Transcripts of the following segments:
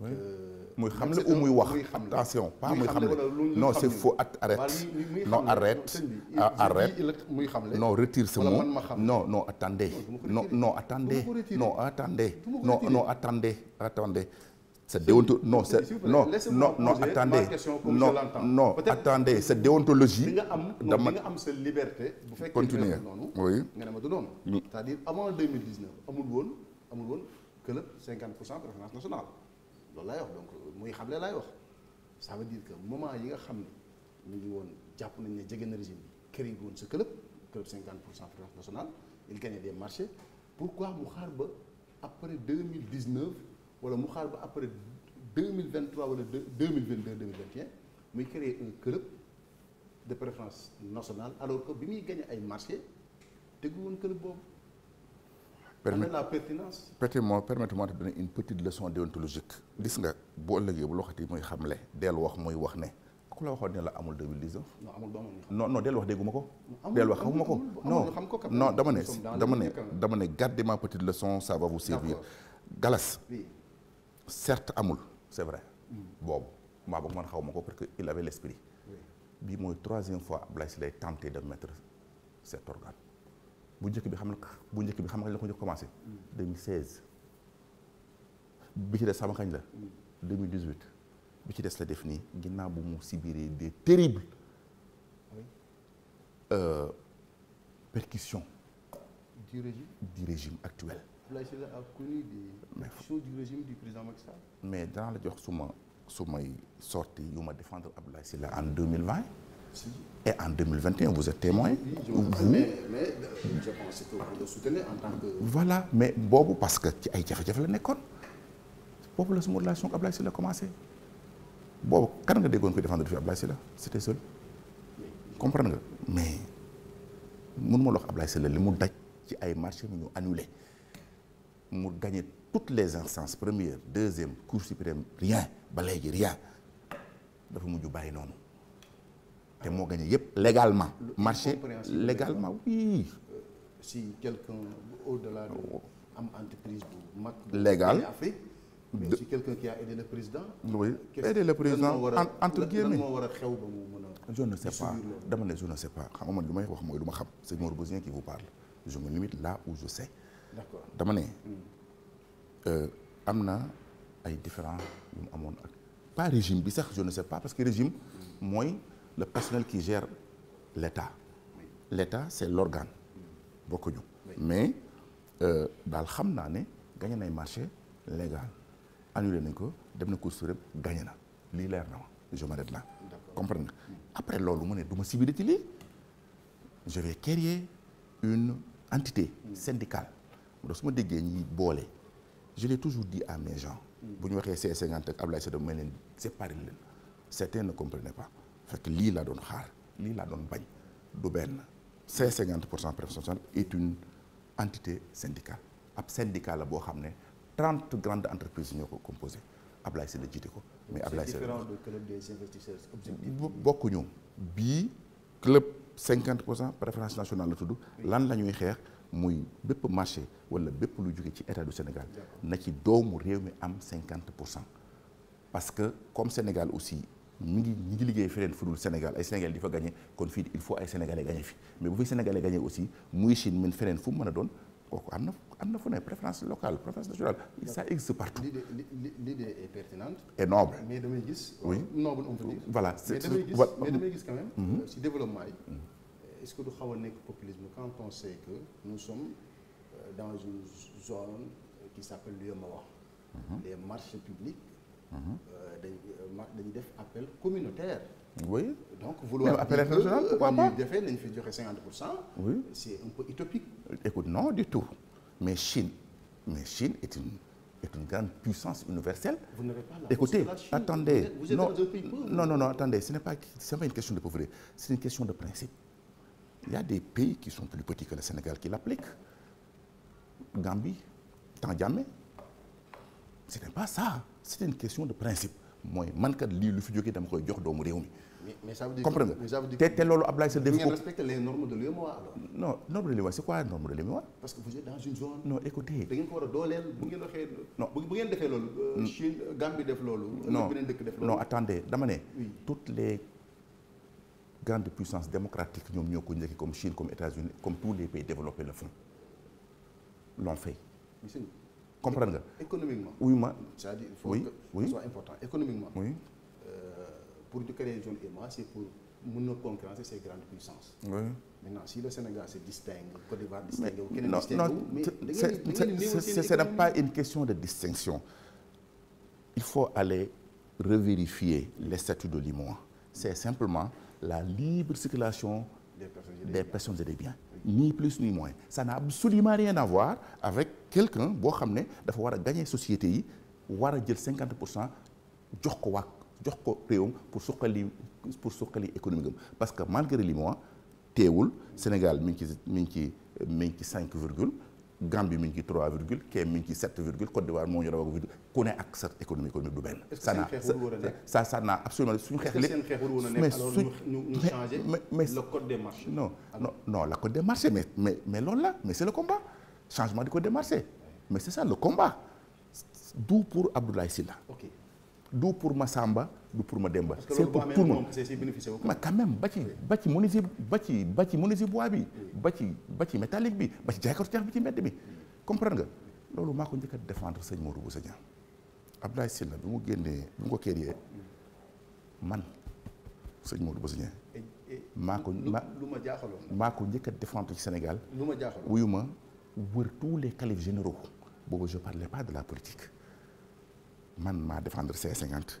Oui. Euh, xamle ou wax attention pas moi non c'est faux arrête non arrête ah, arrête non retire ce mot non non attendez non non attendez non attendez non non attendez attendez c'est déonto non c'est non non non attendez non non attendez c'est déontologie dama nga am liberté bu oui c'est-à-dire avant 2019 amul woon amul que le 50 de la de nationale loolu donc muy xamle lay wax ça veut dire que moment yi nga Japonais ont créé ngi club club 50 pour la finance nationale il gagnait des marchés pourquoi mu après 2019 ou après 2023 wala 2022 2021 muy créer un club de préférence nationale alors que bi muy gagné ay marché tegu woon club permet la pertinence. permettez-moi de donner une petite leçon déontologique. Dis nga bo ëllëgee bu loxati muy xamle deel wax moy wax né ku la waxone la amul 2019. non amul ba non non deel wax dégguma ko. deel wax xamuma ko non non dama né dama né dama né gardez ma petite leçon ça va vous servir. Galas. Oui. certes amul c'est est vrai. Mm. Bob ma boog man xawmako parce que il avait l' esprit. bii mooy troisième fois Ablaye lay tenté de mettre cet organe bu njëkk bi xam nga bu njëkk bi xam nga la ko njëkk commencé 2016 mm. bi ci des sama kañ la 2018 mm. bi ci des la def nii ginnaaw bu mu sibiree des terribles euh, percussions du régime du régime actuel. Abdoulaye Sylla a connu des percussions du régime du président Macky Sall. mais dans la jox suma sumay sorti yu ma défendre Abdoulaye Sylla en 2020. Et en 2021, vous êtes témoin. Oui, vous, Mais, euh, je pense que vous le soutenez en tant que... Voilà, mais Bobo, parce que ci ay fait la C'est la relation avec a commencé Bobo, quand nga déggoon koy défendre c'était seul comprendre comprenez mais mënuma la wax Ablaye Sylla marché mu ñu annulé mu gagné toutes les instances première deuxième cour suprême rien Balay, léegi rien dafa mujj bàyyi ça te moo gagné yëpp légalement. marché légalement oui. si quelqu'un au-delà de oh. am entreprise bu Mac, légal mais si quelqu'un qui a aidé le président. oui aider le président entre guillemets je ne sais pas dama je ne sais pas xam nga wax c'est mon qui vous parle je me limite là où je sais. d'accord dama ne. Hmm. Euh, am a ay pas régime bi je ne sais pas parce que régime hmm. mooy le personnel qui gère l'État. L'État, c'est l'organe. Beaucoup nous. Mais, euh, dans le Khamnane, gagner un marché légal. Annuler Nico, devenir cours sur gagner. L'hilaire, non. Je m'arrête là. Comprendre. Après, l'eau, je vais civiliser. Je vais créer une entité syndicale. Donc, si je suis bolé, je l'ai toujours dit à mes gens. Si je suis 50 ans, je c'est séparer. Certains ne comprenaient pas fait li la doon xaar li la doon bañ du ben 50 préférence nationale est une entité syndicale ab syndicat la bo xamné 30 grandes entreprises ñoo ko composé Ablaye Sylla jiite ko. mais Ablaye Sylla c'est différent du club des investisseurs objectif. ñu bi club 50 préférence nationale la tuddu lan lañuy xex muy bép marché wala bép lu jóge ci état du Sénégal. na ci doomu réew mi am 50 parce que comme Sénégal aussi nous ngi ñu ngi feneen fu Sénégal ay Sénégal di gagner, gagné il faut ay Sénégalais gagner fi mais bu fi Sénégalais gagner aussi nous Chine men feneen fu mu mën a doon kooku am préférence locale préférence nationale ça existe partout. l'idée est pertinente. et noble mais damay gis. oui euh, noble on peut voilà mais damay mais damay gis quand même. Mm-hmm. Euh, si développement mm-hmm. euh, est-ce que nous avons un populisme quand on sait que nous sommes dans une zone qui s'appelle l'UEMOA. Mm-hmm. les marchés publics. Euh, des euh, dañuy def communautaire. oui donc vouloir appel international pourquoi pas de 50 c'est un peu utopique. écoute non du tout mais Chine mais Chine est une est une grande puissance universelle. vous n'avez pas la écoutez attendez vous êtes, non, non non attendez ce n'est pas pas une question de pauvreté c'est une question de principe. Il y a des pays qui sont plus petits que le Sénégal qui l'appliquent. Gambie, Tandjamé ce n'est pas ça c'est une question de principe Moi, man kat lii lu fi que dama koy jox doomu réew mais ça veut dire comprendre tu te loolu Ablaye Sall def Vous respectez les normes de l'UEMOA alors. non normes de l'UEMOA c'est quoi norme de parce que vous êtes dans une zone. non écoutez. Vous avez ko war vous bu ngeen non euh, mm. Chine Gambie def loolu. non attendez dama toutes les grandes puissances démocratiques ñoom ñoo au comme Chine comme États-Unis comme tous les pays développés le font l'ont fait comprendre économiquement oui moi. cest il faut oui. que oui. soit important économiquement. oui euh, pour les créer zone moi c'est pour mën concurrencer ces grandes puissances. oui maintenant si le Sénégal se distingue Côte d'Ivoire distingue. keneen distingue non non ce n'est pas une question de distinction. il faut aller revérifier les statuts de l'Imois. c'est simplement la libre circulation des personnes et des, biens. ni plus ni moins ça n'a absolument rien à voir avec quelqu'un qui a gagné la société yi a pour ce jox parce que malgré les mois théoul Sénégal 5, Gambi mi 3 virgule Kenya 7 virgule Côte d'Ivoire ñu virgule économique du benn. ça n'a, ça ça n'a absolument suñu changé, mais le code des marchés. non non non la code des marchés mais mais mais la mais c'est le combat changement du code des marchés mais c'est ça le combat. d'où pour Abdoulaye sila ok d'où pour Masamba du pour ma Demba. c'est pour tout le monde mais quand même ba ci ba ci menuisier ba ci ba ci menuisier bois bi ba ci ba ci métallique bi ba ci jaaykatu ceex bi ci mbedd bi comprendre nga loolu maa ko défendre sëñ Modou Bousso Niang Abdoulaye Sylla bi mu génnee bi mu ko créé man sëñ Modou Bousso Niang maa ko lu ma jaaxaloon maa défendre ci Sénégal lu ma jaaxaloon wuyu wër tous les califes généraux Bon, je parlais pas de la politique man ma défendre C50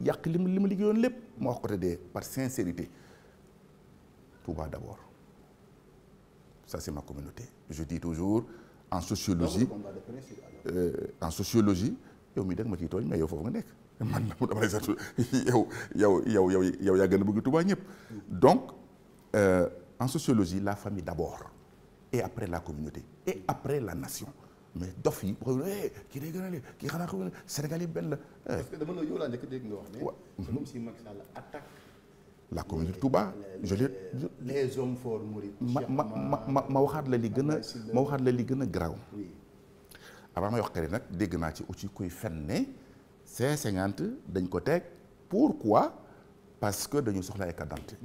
Je par sincérité d'abord ça c'est ma communauté je dis toujours en sociologie euh, en sociologie ma mais donc en sociologie la famille d'abord et après la communauté et après la nation mais dof yi boo xoolee eh, kii day gënalé ki xana xam nga Sénégal yi benn la. Eh. parce que dama la yow laa njëkk dégg nga wax né waaw ci comme attaque. la commune de Touba je l'ai les hommes forts mourides. ma waxat la li gëna ma waxat la li gëna graw oui avant may wax kër nak dégg na ci ci kuy fenné ne C50 dañ ko teg pourquoi parce que dañu soxla ay carte